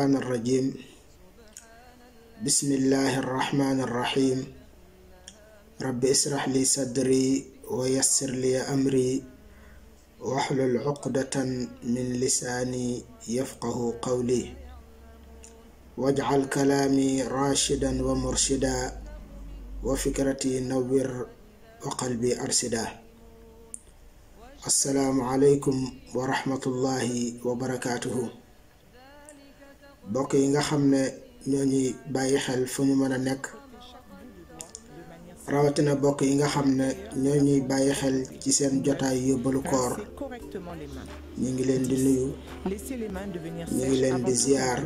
الشيطان الرجيم بسم الله الرحمن الرحيم رب اسرح لي صدري ويسر لي أمري واحلل عقدة من لساني يفقه قولي واجعل كلامي راشدا ومرشدا وفكرتي نور وقلبي أرشدا السلام عليكم ورحمة الله وبركاته bokk yi nga xam ne ñoo ñuy bàyyi xel fu ñu mën a nekk rawatina bokk yi nga xam ne ñoo ñuy bàyyi xel ci seen jotaay yóbbalu koor ñi ngi leen di nuyu ñu ngi leen di ziar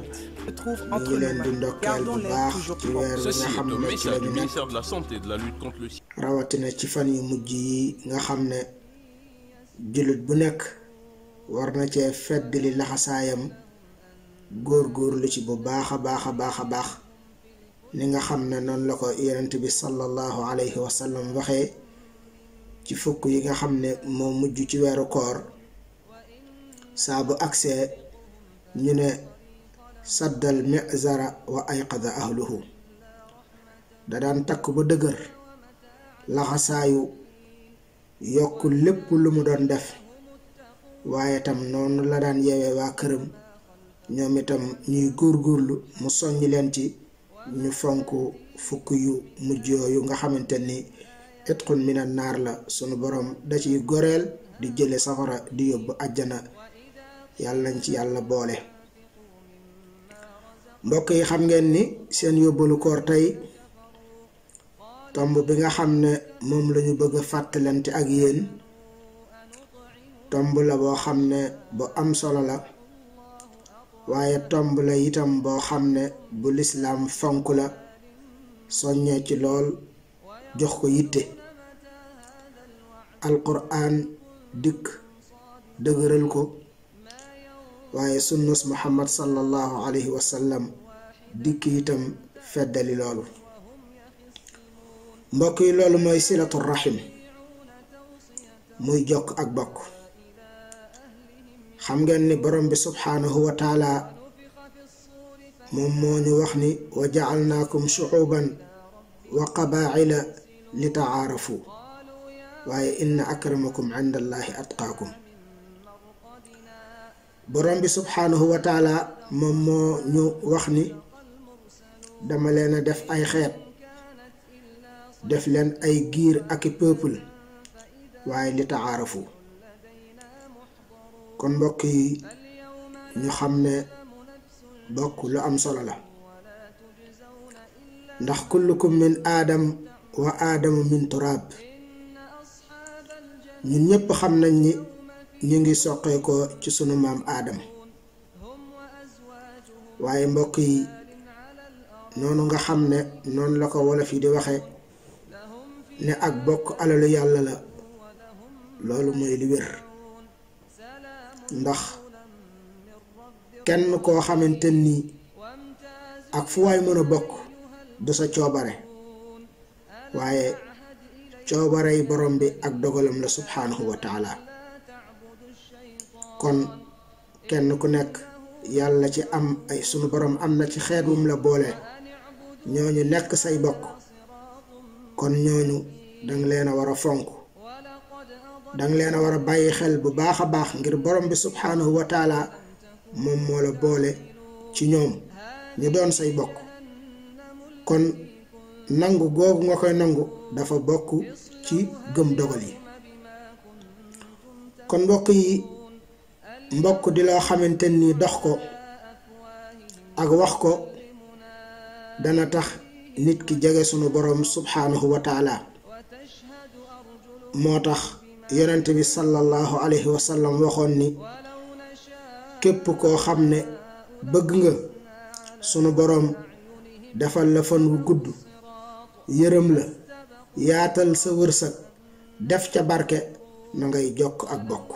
ñu ngi leen di ndokkeel bu baax ci weer wi nga xam ne ci lañu nekk rawatina ci fan yu mujj yi nga xam ne jullit bu nekk war na cee feddali laxasaayam góor-góorlu ci bu baax a baax a baax a baax li nga xam ne noonu la ko yonent bi sallallahu alayhi wa sallam waxee ci fukk yi nga xam ne moo mujj ci weeru koor saa bu agsee ñu ne saddal mizara wa ayqada ahluhu da daan takk ba dëgër laxasaayu yokk lépp lu mu doon def waaye tam noonu la daan yeewee waa këram ñoom itam ñuy góorgóorlu mu soññ leen ci ñu fonk fukk yu mujj yooyu nga xamante ni itqun minan naar la sunu borom da ciy goreel di jële safara di yóbbu àjjana yàlla nañ ci yàlla boole mbokk yi xam ngeen ni seen yóbbalu koor tey tomb bi nga xam ne moom lañu bëgg a fàttalante ak yeen tomb la boo xam ne bu am solo la waaye tomb la itam boo xam ne bu lislaam fonk la soññee ci lool jox ko yitte alquraan dikk dëgëral ko waaye sunnus muhammad sallallahu alayhi wa dikk itam feddali loolu mbokk yi loolu mooy silatu rahim muy jokk ak bokk xam ngeen ni borom bi subhaanahu wa taala moom moo ñu wax ni wa ja'alnaakum shu'uban wa qabaa'ila li ta'aarafu waaye inna akramakum inda allahi atqaakum borom bi subhaanahu wa taala moom moo ñu wax ni dama leen a def ay xeet def leen ay giir ak i waaye li kon mbokk yi ñu xam ne bokk lu am solo la ndax kullukum min aadam wa aadamu min turaab ñun ñépp xam nañ ni ñu ngi soqee ko ci sunu maam aadam waaye mbokk yi noonu nga xam ne noonu la ko wolof yi di waxe ne ak bokk alalu yàlla la loolu mooy li wér ndax kenn koo xamante nii ak fu waay mën bokk du sa coobare waaye coobarey borom bi ak dogalam la subhaanahu wa kon kenn ku nekk yàlla ci am ay sunu borom am na ci xeet wum la boole ñoo ñooñu nekk say bokk kon ñooñu danga leen a war a fonk danga leen a war a bàyyi xel bu baax a baax ngir borom bi subhaanahu wa taala moom moo la boole ci ñoom ñu doon say bokk kon nangu googu nga koy nangu dafa bokk ci gëm dogal yi kon mbokk yi mbokk di loo xamante ni dox ko ak wax ko dana tax nit ki jege sunu borom subhaanahu wa taala moo tax yonent bi sallallahu alayhi wa sallam waxoon ni képp koo xam ne bëgg nga sunu boroom defal la fan gudd yërëm la yaatal sa wërsëg def ca barke na ngay jokk ak bokk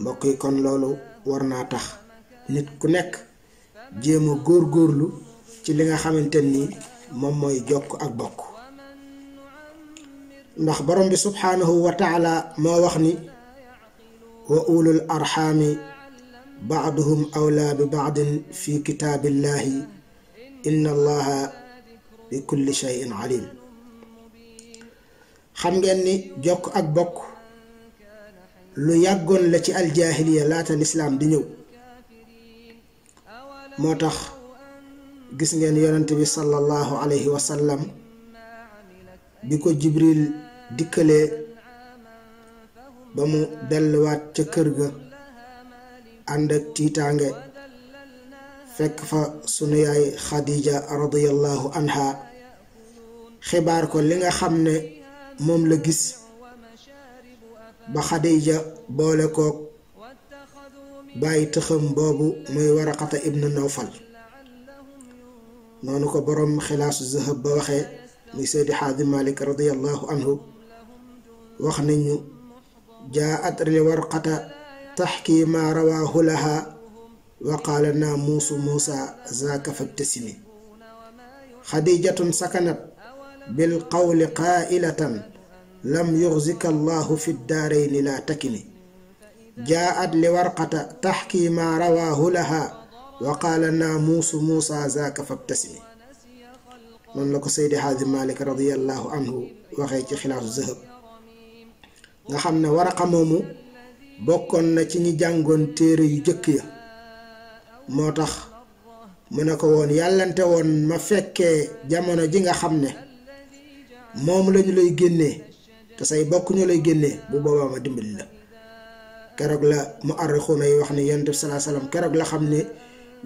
mbokk yi kon loolu war naa tax nit ku nekk jéem a góor góorlu ci li nga xamante ni moom mooy jokk ak bokk ndax borom bi subhaanahu wa taala moo wax ni wa ulul arxaami baaduhum awlaa bi baadin fi kitaabillaahi inna allaha bi kulli shay'in alim xam ngeen ni jokk ak bokk lu yàggoon la ci aljaahiliya laata lislaam di ñëw moo tax gis ngeen yonent bi sallallahu alayhi wa sallam bi ko jibril dikkalee ba mu delluwaat ca kër ga ànd ak tiitaange fekk fa sunu yaay Khadija radiyallahu anha xibaar ko li nga xam ne moom la gis ba Khadija boole kook bàyyi tëxam boobu muy waraqata ibnu nawfal noonu ko boroom xilaasu zahab ba waxee muy seydi xaadi malik anhu وخنينيو جاءت لورقة تحكي ما رواه لها وقال لنا موسى موسى ذاك فابتسمي خديجة سكنت بالقول قائلة لم يغزك الله في الدارين لا تكني جاءت لورقة تحكي ما رواه لها وقال لنا موسى موسى ذاك فابتسمي من لك سيدي هذه مالك رضي الله عنه وخيك خلاف زهر nga xam ne war a waraqa mu bokkoon na ci ñi jàngoon téere yu jëkk ya moo tax mu ne ko woon yàllante woon ma fekkee jamono ji nga xam ne moom lañu lay génnee te say bokk ñu lay génne bu boobaa ma dimbali la keroog la mu arrixuuna yi wax ne yonent bi keroog la xam ne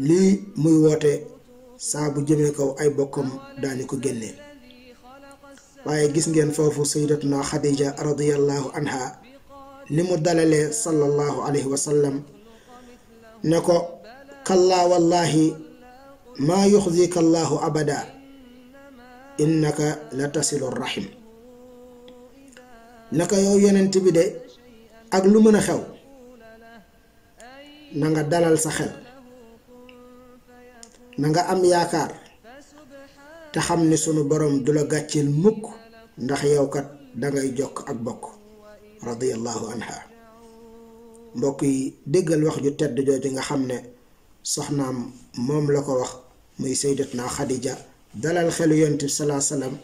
lii muy woote saa bu jëmee kaw ay bokkam daañu ko génnee waaye gis ngeen foofu sayyidatuna xadija radiyallahu anha li mu dalalee sallallahu alayhi wa sallam ne ko kallaa wallahi maa yuxzika allahu abada innaka la tasilu rahim naka yow yonent bi de ak lu mën a xew na nga dalal sa xel na nga am yaakaar te xam sunu borom dula la mukk ndax yow kat ngay jokk ak bokk radiyallahu anha mbokk yi déggal wax ju tedd jooju nga xam ne soxnaam moom la ko wax muy saydatna xadija dalal xelu yonent bi salaa salaam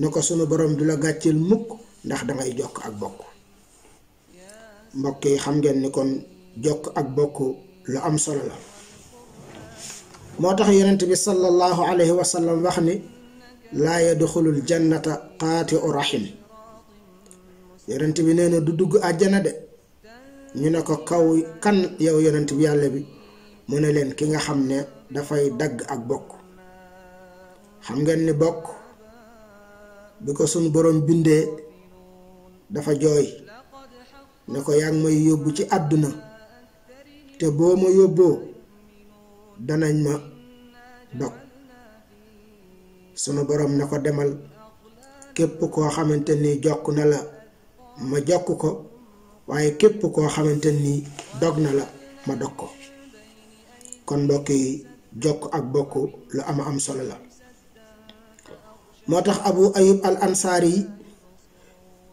ne ko sunu borom du la gàcceel mukk ndax ngay jokk ak bokk mbokk yi xam ngeen ni kon jokk ak bokk lu am solo la moo tax bi sallallahu alayhi wa sallam wax ni la yadxulul jannata qati u rahim yonent bi neena du dugg àjjana de ñu ne ko kaw kan yow yonent bi yàlla bi mu ne leen ki nga xam ne dafay dagg ak bokk xam ngeen ni bokk bi ko sun borom bindee dafa jooy ne ko yaa ngi may yóbbu ci àdduna te boo ma yóbboo danañ ma bokk sunu boroom na ko demal képp koo xamante ni jokk na la ma jokk ko waaye képp koo xamante ni dog na la ma dog ko kon mbokk yi jokk ak bokk lu ama am solo la moo tax abu ayub al ansaari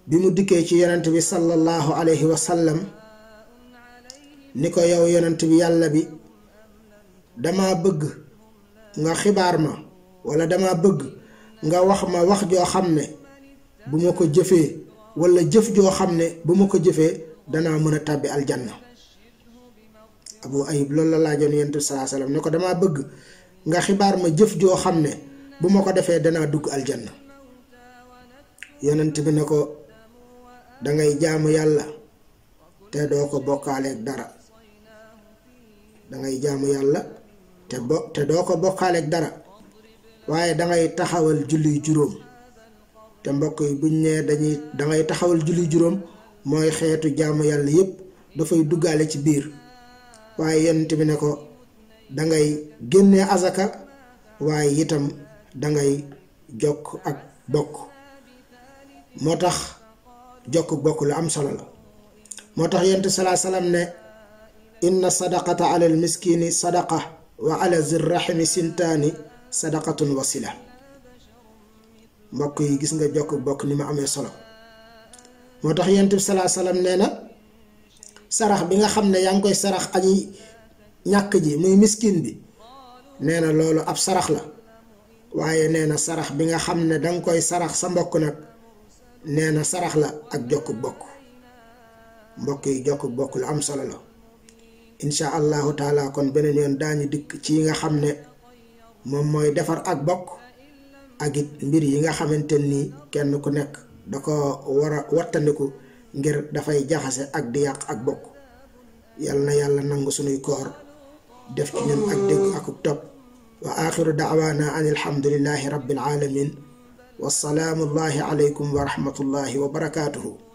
bi mu dikkee ci yonent bi sallallahu alayhi wa sallam ni ko yow yonent bi yàlla bi dama bëgg nga xibaar ma wala dama bëgg nga wax ma wax joo xam ne bu ma ko jëfee wala jëf joo xam ne bu ma ko jëfee danaa mën a tàbbi aljanna abu ayib loolu la laajoon yonent bi salaa salaam ne ko damaa bëgg nga xibaar ma jëf joo xam ne bu ma ko defee danaa dugg aljanna yonent bi ne ko dangay jaamu yàlla te doo ko bokkaaleeg dara dangay jaamu yàlla te bo te doo ko bokkaaleeg dara waaye dangay taxawal julli juróom te mbokk yi buñ nee dañuy dangay taxawal julli juróom mooy xeetu jàmm yàlla yépp dafay duggaale ci biir waaye yonent bi ne ko dangay génnee azaka waaye itam dangay jokk ak bokk moo tax jokk bokk lu am solo la moo tax yonent salaa salaam ne inna sadaqata alal miskini sadaqa wa ala zirrahimi sintaani sadaqatun wasila mbokk yi gis nga jokk bokk ni ma amee solo moo tax yonent bi salaa salaam nee na sarax bi nga xam ne yaa ngi koy sarax añi ñàkk ji muy miskin bi nee na loolu ab sarax la waaye nee na sarax bi nga xam ne danga koy sarax sa mbokk nag nee na sarax la ak jokk bokk mbokk yi jokk bokk lu am solo la incha allahu taala kon beneen yoon daañu dikk ci yi nga xam ne moom mooy defar ak bokk ak mbir yi nga xamante ni kenn ku nekk da ko war a wattandiku ngir dafay jaxase ak di yàq ak bokk yàlla na yàlla nangu sunuy koor def ci ñun ak dégg ak topp wa axiru daawaana an alhamdulillahi rabbil alamin wa salaamullahi alaykum wa rahmatullahi